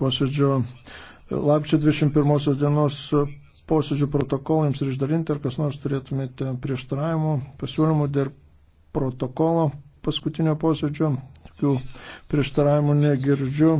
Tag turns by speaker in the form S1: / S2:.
S1: posėdžio lapčio 21 dienos posėdžių protokolą jums ir išdalinti, ar kas nors turėtumėte prieštaravimų, pasiūlymų dėl protokolo paskutinio posėdžio. Tokių
S2: prieštaravimų negirdžiu.